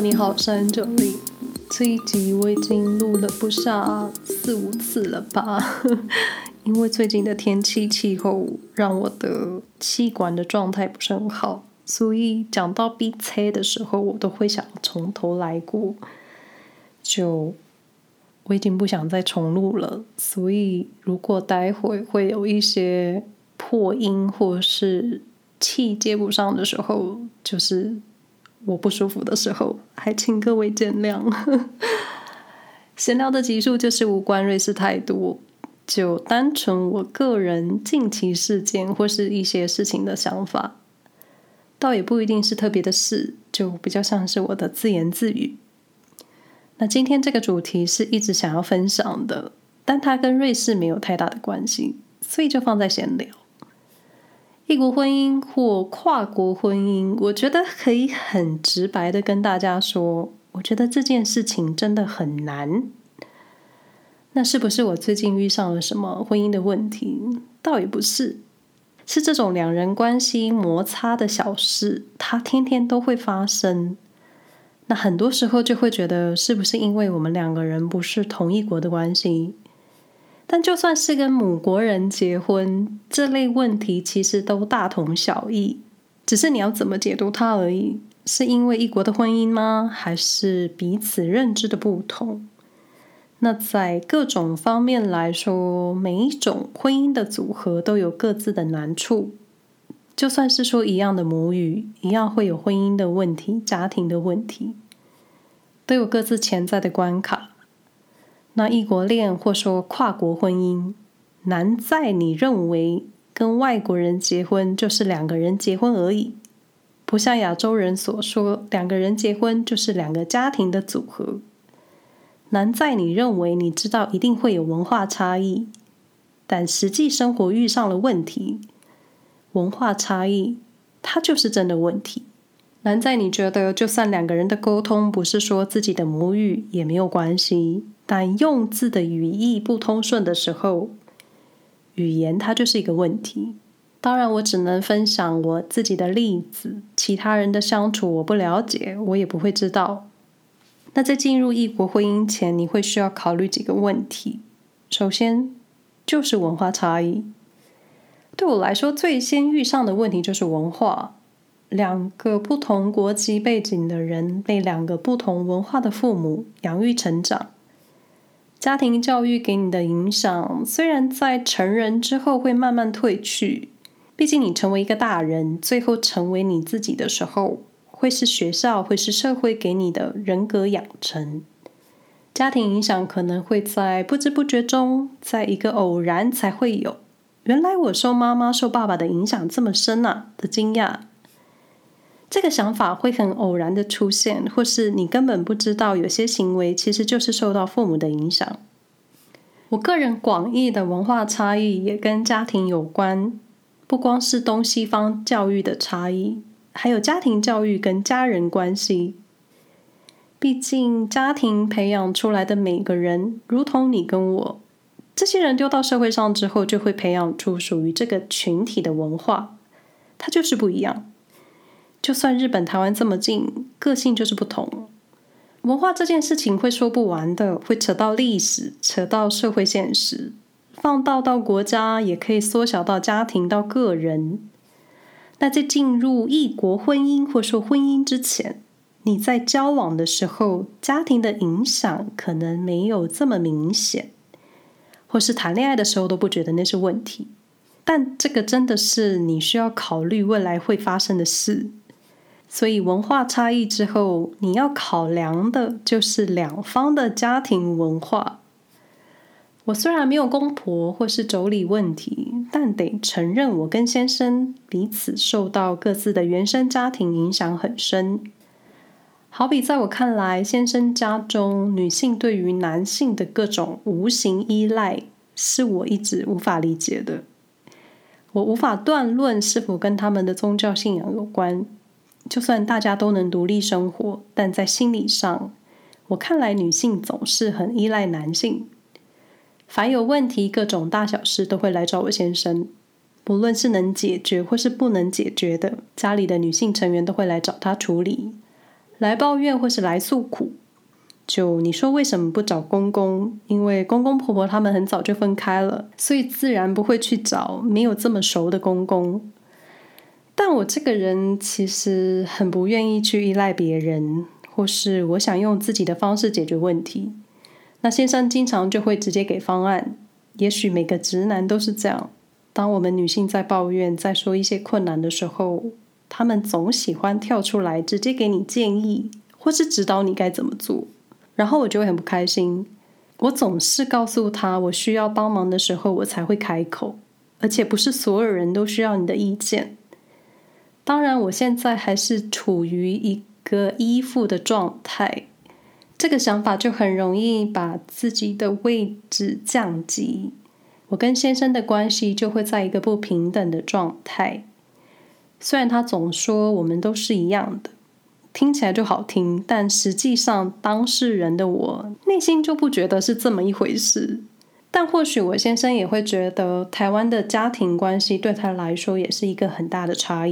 你好，三九零，這一集我已經錄了不下四五次了吧？ 因為最近的天氣氣候讓我的氣管的狀態不是很好，所以講到憋氣的時候，我都會想從頭來過。就我已經不想再重錄了，所以如果待會會有一些破音或是氣接不上的時候，就是。我不舒服的時候，還請各位見諒。 閒聊的集數就是無關瑞士太多，就單純我個人近期事件或是一些事情的想法，倒也不一定是特別的事，就比較像是我的自言自語。那今天這個主題是一直想要分享的，但它跟瑞士沒有太大的關係，所以就放在閒聊。異國婚姻或跨國婚姻，我覺得可以很直白的跟大家說，我覺得這件事情真的很難。那是不是我最近遇上了什麼婚姻的問題？倒也不是，是這種兩人關係摩擦的小事，它天天都會發生。那很多時候就會覺得，是不是因為我們兩個人不是同一國的關係？但就算是跟母國人結婚，這類問題其實都大同小異，只是你要怎麼解讀它而已。是因為異國的婚姻嗎？還是彼此認知的不同？那在各種方面來說，每一種婚姻的組合都有各自的難處。就算是說一樣的母語，一樣會有婚姻的問題、家庭的問題，都有各自潛在的關卡。那異國戀或說跨國婚姻，難在你認為跟外國人結婚就是兩個人結婚而已，不像亞洲人所說，兩個人結婚就是兩個家庭的組合。難在你認為你知道一定會有文化差異，但實際生活遇上了問題，文化差異它就是真的問題。難在你覺得就算兩個人的溝通不是說自己的母語也沒有關係。但用字的語義不通順的時候，語言它就是一個問題。當然，我只能分享我自己的例子，其他人的相處我不了解，我也不會知道。那在進入異國婚姻前，你會需要考慮幾個問題。首先就是文化差異。對我來說，最先遇上的問題就是文化。兩個不同國籍背景的人，被兩個不同文化的父母養育成長。家庭教育給你的影響，雖然在成人之後會慢慢褪去，畢竟你成為一個大人，最後成為你自己的時候，會是學校，會是社會給你的人格養成。家庭影響可能會在不知不覺中，在一個偶然才會有。原來我受媽媽、受爸爸的影響這麼深啊，的驚訝。這個想法會很偶然的出現，或是你根本不知道，有些行為其實就是受到父母的影響。我個人廣義的文化差異也跟家庭有關，不光是東西方教育的差異，還有家庭教育跟家人關係。畢竟家庭培養出來的每個人，如同你跟我這些人，丟到社會上之後，就會培養出屬於這個群體的文化，它就是不一樣。就算日本、台灣這麼近，個性就是不同。文化這件事情會說不完的，會扯到歷史，扯到社會現實，放大到國家，也可以縮小到家庭到個人。那在進入異國婚姻，或說婚姻之前，你在交往的時候，家庭的影響可能沒有這麼明顯，或是談戀愛的時候都不覺得那是問題。但這個真的是你需要考慮未來會發生的事。所以文化差異之後，你要考量的就是兩方的家庭文化。我雖然沒有公婆或是妯娌問題，但得承認我跟先生彼此受到各自的原生家庭影響很深。好比在我看來，先生家中女性對於男性的各種無形依賴，是我一直無法理解的。我無法斷論是否跟他們的宗教信仰有關。就算大家都能獨立生活，但在心理上，我看來女性總是很依賴男性。凡有問題，各種大小事都會來找我先生，不論是能解決或是不能解決的，家裡的女性成員都會來找他處理，來抱怨或是來訴苦。就你說為什麼不找公公？因為公公婆婆他們很早就分開了，所以自然不會去找沒有這麼熟的公公。我這個人其實很不願意去依賴別人，或是我想用自己的方式解決問題。那先生經常就會直接給方案。也許每個直男都是這樣。當我們女性在抱怨、在說一些困難的時候，他們總喜歡跳出來直接給你建議，或是指導你該怎麼做。然後我就會很不開心。我總是告訴他，我需要幫忙的時候我才會開口，而且不是所有人都需要你的意見。當然，我現在還是處於一個依附的狀態，這個想法就很容易把自己的位置降級。我跟先生的關係就會在一個不平等的狀態。雖然他總說我們都是一樣的，聽起來就好聽，但實際上當事人的我內心就不覺得是這麼一回事。但或許我先生也會覺得，台灣的家庭關係對他來說也是一個很大的差異，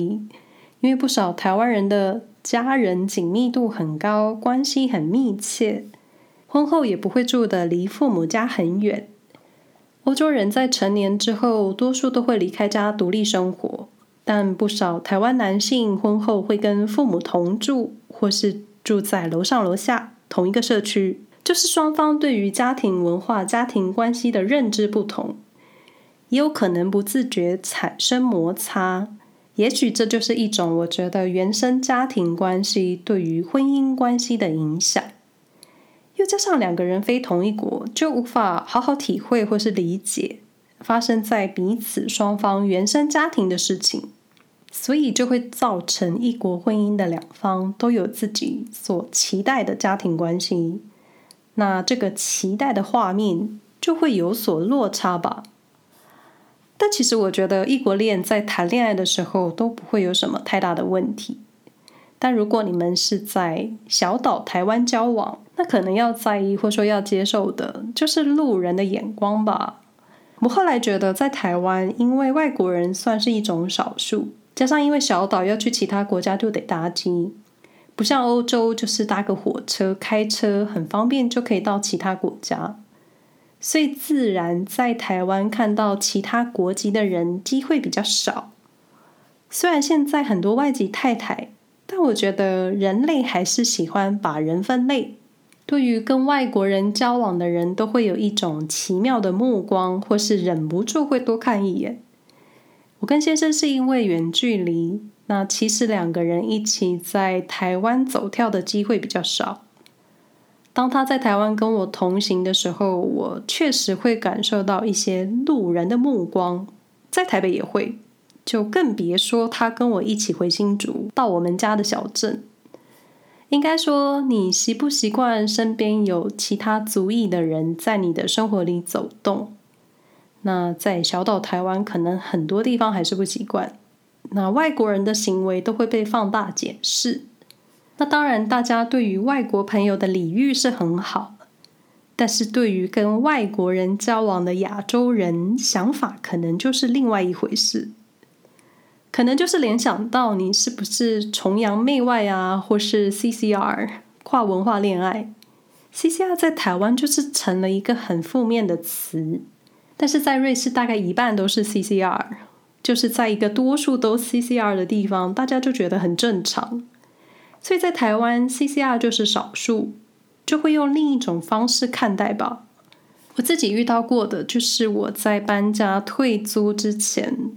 因為不少台灣人的家人緊密度很高，關係很密切，婚後也不會住得離父母家很遠。歐洲人在成年之後，多數都會離開家獨立生活，但不少台灣男性婚後會跟父母同住，或是住在樓上樓下同一個社區。就是雙方對於家庭文化、家庭關係的認知不同，也有可能不自覺產生摩擦。也許這就是一種我覺得原生家庭關係對於婚姻關係的影響。又加上兩個人非同一國，就無法好好體會或是理解發生在彼此雙方原生家庭的事情，所以就會造成異國婚姻的兩方都有自己所期待的家庭關係。那這個期待的畫面就會有所落差吧。但其實我覺得異國戀在談戀愛的時候都不會有什麼太大的問題。但如果你們是在小島台灣交往，那可能要在意或說要接受的就是路人的眼光吧。我後來覺得在台灣，因為外國人算是一種少數，加上因為小島要去其他國家就得搭機。不像歐洲，就是搭個火車、開車很方便，就可以到其他國家。所以自然在台灣看到其他國籍的人機會比較少。雖然現在很多外籍太太，但我覺得人類還是喜歡把人分類。對於跟外國人交往的人，都會有一種奇妙的目光，或是忍不住會多看一眼。我跟先生是因為遠距離。那其實兩個人一起在台灣走跳的機會比較少。當他在台灣跟我同行的時候，我確實會感受到一些路人的目光，在台北也會，就更別說他跟我一起回新竹到我們家的小鎮。應該說，你習不習慣身邊有其他族裔的人在你的生活裡走動？那在小島台灣，可能很多地方還是不習慣。那外國人的行為都會被放大檢視。那當然，大家對於外國朋友的禮遇是很好的，但是對於跟外國人交往的亞洲人，想法可能就是另外一回事。可能就是聯想到你是不是崇洋媚外啊，或是 CCR，跨文化戀愛。CCR 在台灣就是成了一個很負面的詞，但是在瑞士大概一半都是 CCR。就是在一個多數都 CCR 的地方，大家就覺得很正常。所以在台灣，CCR 就是少數，就會用另一種方式看待吧。我自己遇到過的，就是我在搬家退租之前，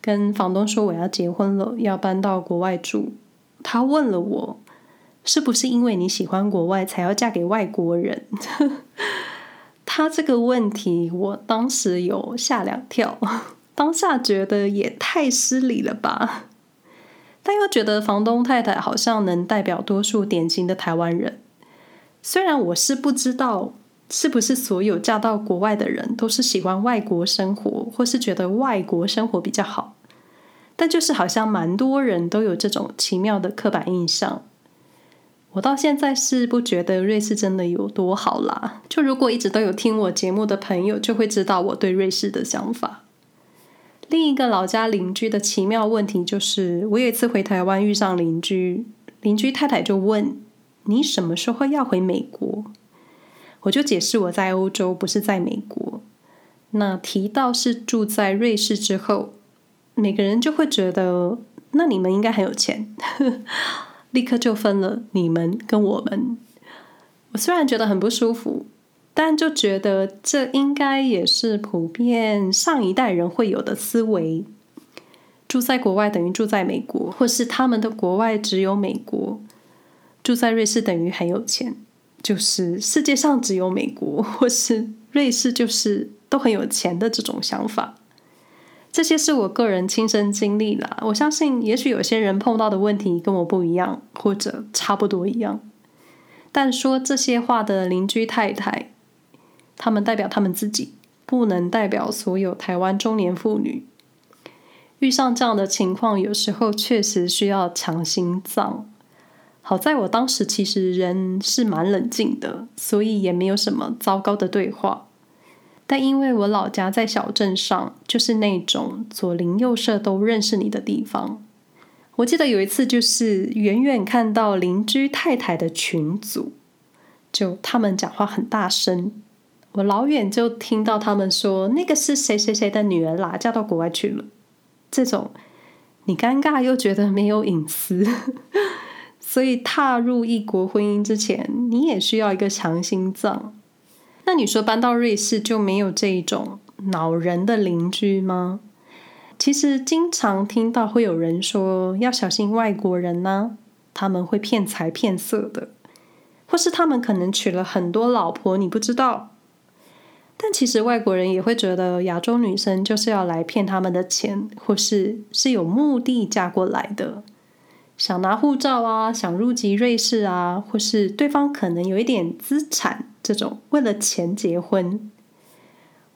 跟房東說我要結婚了，要搬到國外住。他問了我，是不是因為你喜歡國外，才要嫁給外國人？ 他這個問題，我當時有嚇兩跳。當下覺得也太失禮了吧，但又覺得房東太太好像能代表多數典型的台灣人。雖然我是不知道是不是所有嫁到國外的人都是喜歡外國生活，或是覺得外國生活比較好，但就是好像蠻多人都有這種奇妙的刻板印象。我到現在是不覺得瑞士真的有多好啦。就如果一直都有聽我節目的朋友，就會知道我對瑞士的想法。另一個老家鄰居的奇妙問題就是，我有一次回台灣遇上鄰居，鄰居太太就問：“你什麼時候要回美國？”我就解釋我在歐洲，不是在美國。那提到是住在瑞士之後，每個人就會覺得，那你們應該很有錢， 立刻就分了你們跟我們。我雖然覺得很不舒服。但就覺得這應該也是普遍上一代人會有的思維。住在國外等於住在美國，或是他們的國外只有美國。住在瑞士等於很有錢，就是世界上只有美國或是瑞士，就是都很有錢的這種想法。這些是我個人親身經歷了，我相信也許有些人碰到的問題跟我不一樣，或者差不多一樣。但說這些話的鄰居太太。他們代表他們自己，不能代表所有台灣中年婦女。遇上這樣的情況，有時候確實需要強心臟。好在我當時其實人是蠻冷靜的，所以也沒有什麼糟糕的對話。但因為我老家在小鎮上，就是那種左鄰右舍都認識你的地方。我記得有一次，就是遠遠看到鄰居太太的群組，就他們講話很大聲。我老遠就聽到他們說，那個是誰誰誰的女兒啦，嫁到國外去了。這種你尷尬又覺得沒有隱私， 所以踏入異國婚姻之前，你也需要一個強心臟。那你說搬到瑞士就沒有這種惱人的鄰居嗎？其實經常聽到會有人說要小心外國人呢、啊，他們會騙財騙色的，或是他們可能娶了很多老婆，你不知道。但其實外國人也會覺得亞洲女生就是要來騙他們的錢，或是是有目的嫁過來的，想拿護照啊，想入籍瑞士啊，或是對方可能有一點資產，這種為了錢結婚。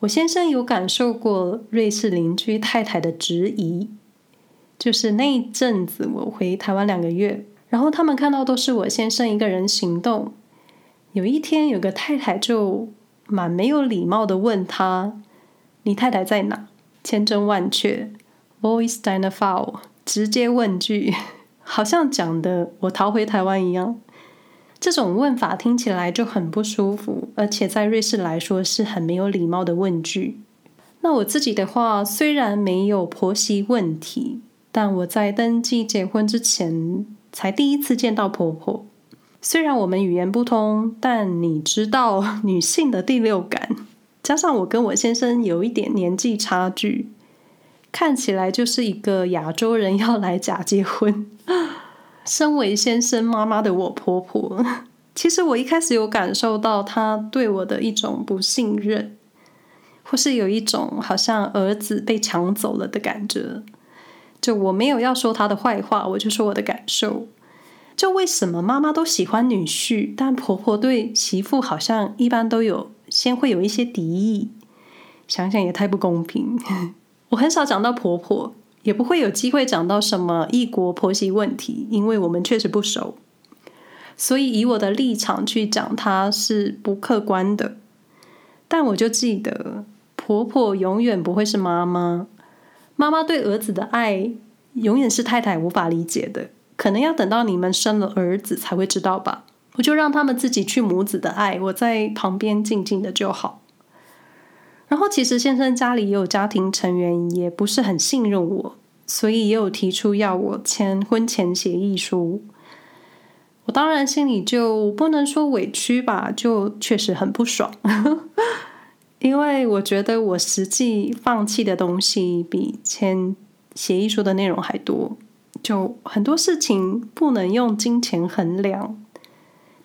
我先生有感受過瑞士鄰居太太的質疑，就是那一陣子我回台灣兩個月，然後他們看到都是我先生一個人行動。有一天有個太太就蠻沒有禮貌的問他：“你太太在哪？”千真萬確，Voice de la foule，直接問句，好像講的我逃回台灣一樣。這種問法聽起來就很不舒服，而且在瑞士來說是很沒有禮貌的問句。那我自己的話，雖然沒有婆媳問題，但我在登記結婚之前才第一次見到婆婆。雖然我們語言不通，但你知道女性的第六感，加上我跟我先生有一點年紀差距，看起來就是一個亞洲人要來假結婚。身為先生媽媽的我婆婆，其實我一開始有感受到她對我的一種不信任，或是有一種好像兒子被搶走了的感覺。就我沒有要說她的壞話，我就說我的感受。就為什麼媽媽都喜歡女婿，但婆婆對媳婦好像一般都有先會有一些敵意，想想也太不公平。 我很少講到婆婆，也不會有機會講到什麼異國婆媳問題，因為我們確實不熟，所以以我的立場去講她是不客觀的。但我就記得，婆婆永遠不會是媽媽，媽媽對兒子的愛永遠是太太無法理解的。可能要等到你們生了兒子才會知道吧。我就讓他們自己去母子的愛，我在旁邊靜靜的就好。然後其實先生家裡也有家庭成員，也不是很信任我，所以也有提出要我簽婚前協議書。我當然心裡就不能說委屈吧，就確實很不爽， 因為我覺得我實際放棄的東西比簽協議書的內容還多。就很多事情不能用金錢衡量，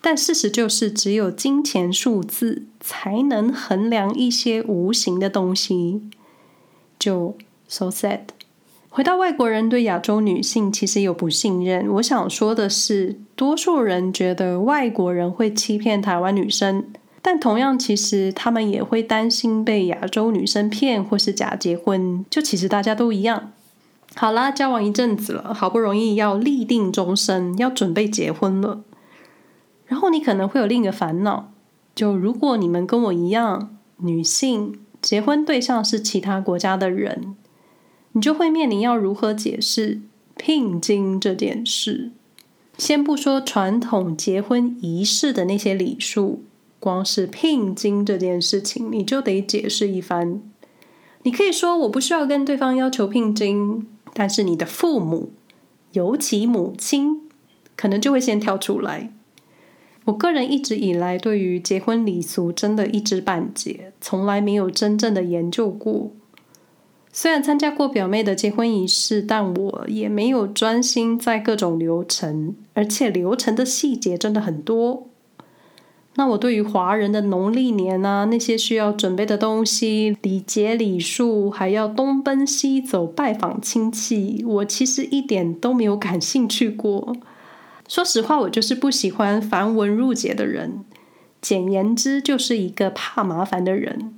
但事實就是只有金錢數字才能衡量一些無形的東西。就 So sad。回到外國人對亞洲女性其實有不信任，我想說的是，多數人覺得外國人會欺騙台灣女生，但同樣其實他們也會擔心被亞洲女生騙或是假結婚。就其實大家都一樣。好啦，交往一陣子了，好不容易要立定終身，要準備結婚了。然後你可能會有另一個煩惱，就如果你們跟我一樣，女性結婚對象是其他國家的人，你就會面臨要如何解釋聘金這件事。先不說傳統結婚儀式的那些禮數，光是聘金這件事情，你就得解釋一番。你可以說我不需要跟對方要求聘金，但是你的父母，尤其母親，可能就會先跳出來。我個人一直以來對於結婚禮俗真的一知半解，從來沒有真正的研究過。雖然參加過表妹的結婚儀式，但我也沒有專心在各種流程，而且流程的細節真的很多。那我對於華人的農曆年啊，那些需要準備的東西、禮節、禮數，還要東奔西走拜訪親戚，我其實一點都沒有感興趣過。說實話，我就是不喜歡繁文縟節的人。簡言之，就是一個怕麻煩的人。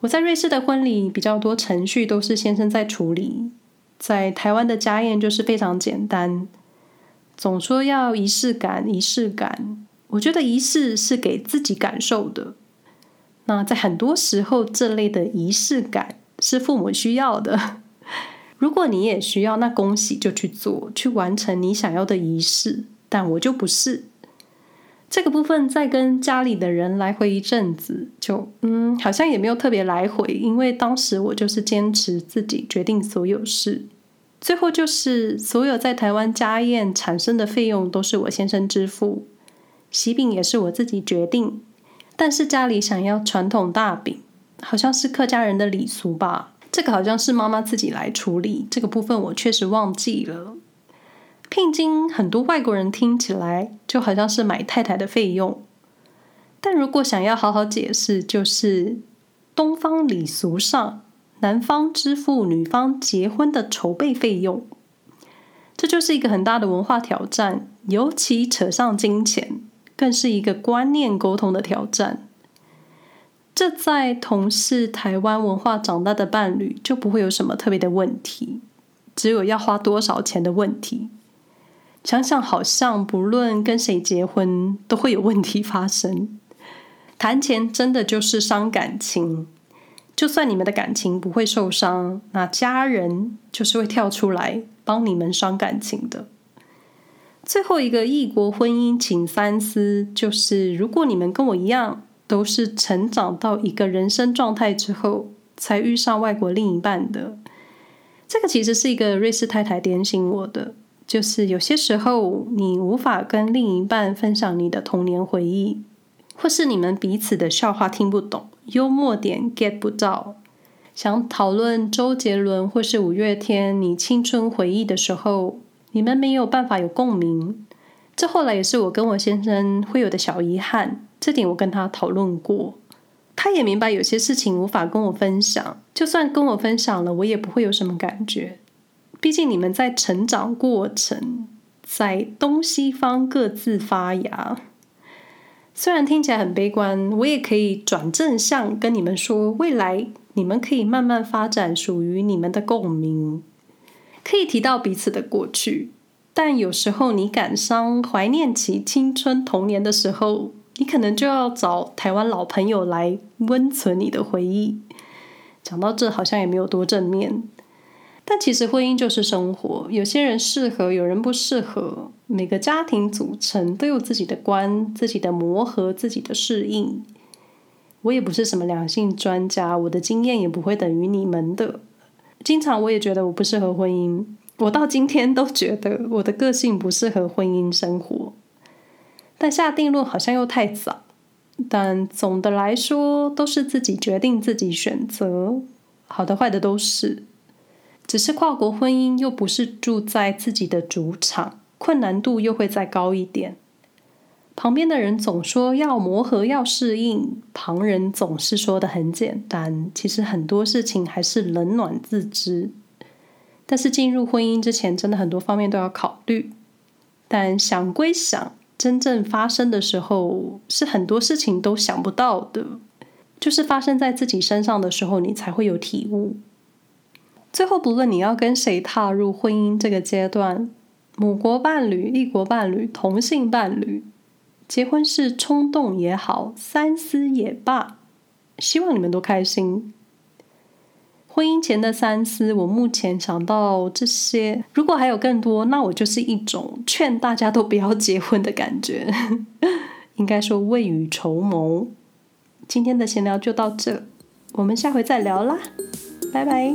我在瑞士的婚禮比較多程序都是先生在處理，在台灣的家宴就是非常簡單。總說要儀式感，儀式感。我覺得儀式是給自己感受的。那在很多時候，這類的儀式感是父母需要的。如果你也需要，那恭喜，就去做，去完成你想要的儀式。但我就不是。這個部分在跟家裡的人來回一陣子，就嗯，好像也沒有特別來回，因為當時我就是堅持自己決定所有事。最後就是所有在台灣家宴產生的費用都是我先生支付。喜餅也是我自己決定，但是家裡想要傳統大餅，好像是客家人的禮俗吧。這個好像是媽媽自己來處理，這個部分我確實忘記了。聘金很多外國人聽起來就好像是買太太的費用，但如果想要好好解釋，就是東方禮俗上男方支付女方結婚的籌備費用，這就是一個很大的文化挑戰，尤其扯上金錢。更是一個觀念溝通的挑戰。這在同是台灣文化長大的伴侶就不會有什麼特別的問題，只有要花多少錢的問題。想想好像不論跟誰結婚都會有問題發生，談錢真的就是傷感情。就算你們的感情不會受傷，那家人就是會跳出來幫你們傷感情的。最後一個異國婚姻，請三思。就是如果你們跟我一樣，都是成長到一個人生狀態之後才遇上外國另一半的，這個其實是一個瑞士太太點醒我的。就是有些時候，你無法跟另一半分享你的童年回憶，或是你們彼此的笑話聽不懂，幽默點 get 不到，想討論周杰倫或是五月天你青春回憶的時候。你們沒有辦法有共鳴，這後來也是我跟我先生會有的小遺憾。這點我跟他討論過，他也明白有些事情無法跟我分享，就算跟我分享了，我也不會有什麼感覺。畢竟你們在成長過程，在東西方各自發芽。雖然聽起來很悲觀，我也可以轉正向跟你們說，未來你們可以慢慢發展屬於你們的共鳴。可以提到彼此的過去，但有時候你感傷、懷念起青春童年的時候，你可能就要找台灣老朋友來溫存你的回憶。講到這，好像也沒有多正面，但其實婚姻就是生活，有些人適合，有人不適合，每個家庭組成都有自己的觀，自己的磨合、自己的適應。我也不是什麼兩性專家，我的經驗也不會等於你們的。經常我也覺得我不適合婚姻，我到今天都覺得我的個性不適合婚姻生活，但下定論好像又太早。但總的來說，都是自己決定自己選擇，好的壞的都是。只是跨國婚姻又不是住在自己的主場，困難度又會再高一點。旁邊的人總說要磨合，要適應，旁人總是說得很簡單，其實很多事情還是冷暖自知。但是進入婚姻之前，真的很多方面都要考慮。但想歸想，真正發生的時候，是很多事情都想不到的，就是發生在自己身上的時候，你才會有體悟。最後，不論你要跟誰踏入婚姻這個階段，母國伴侶、異國伴侶、同性伴侶。結婚是衝動也好，三思也罷，希望你們都開心。婚姻前的三思，我目前想到這些。如果還有更多，那我就是一種勸大家都不要結婚的感覺。 應該說未雨綢繆。今天的閒聊就到這，我們下回再聊啦，拜拜。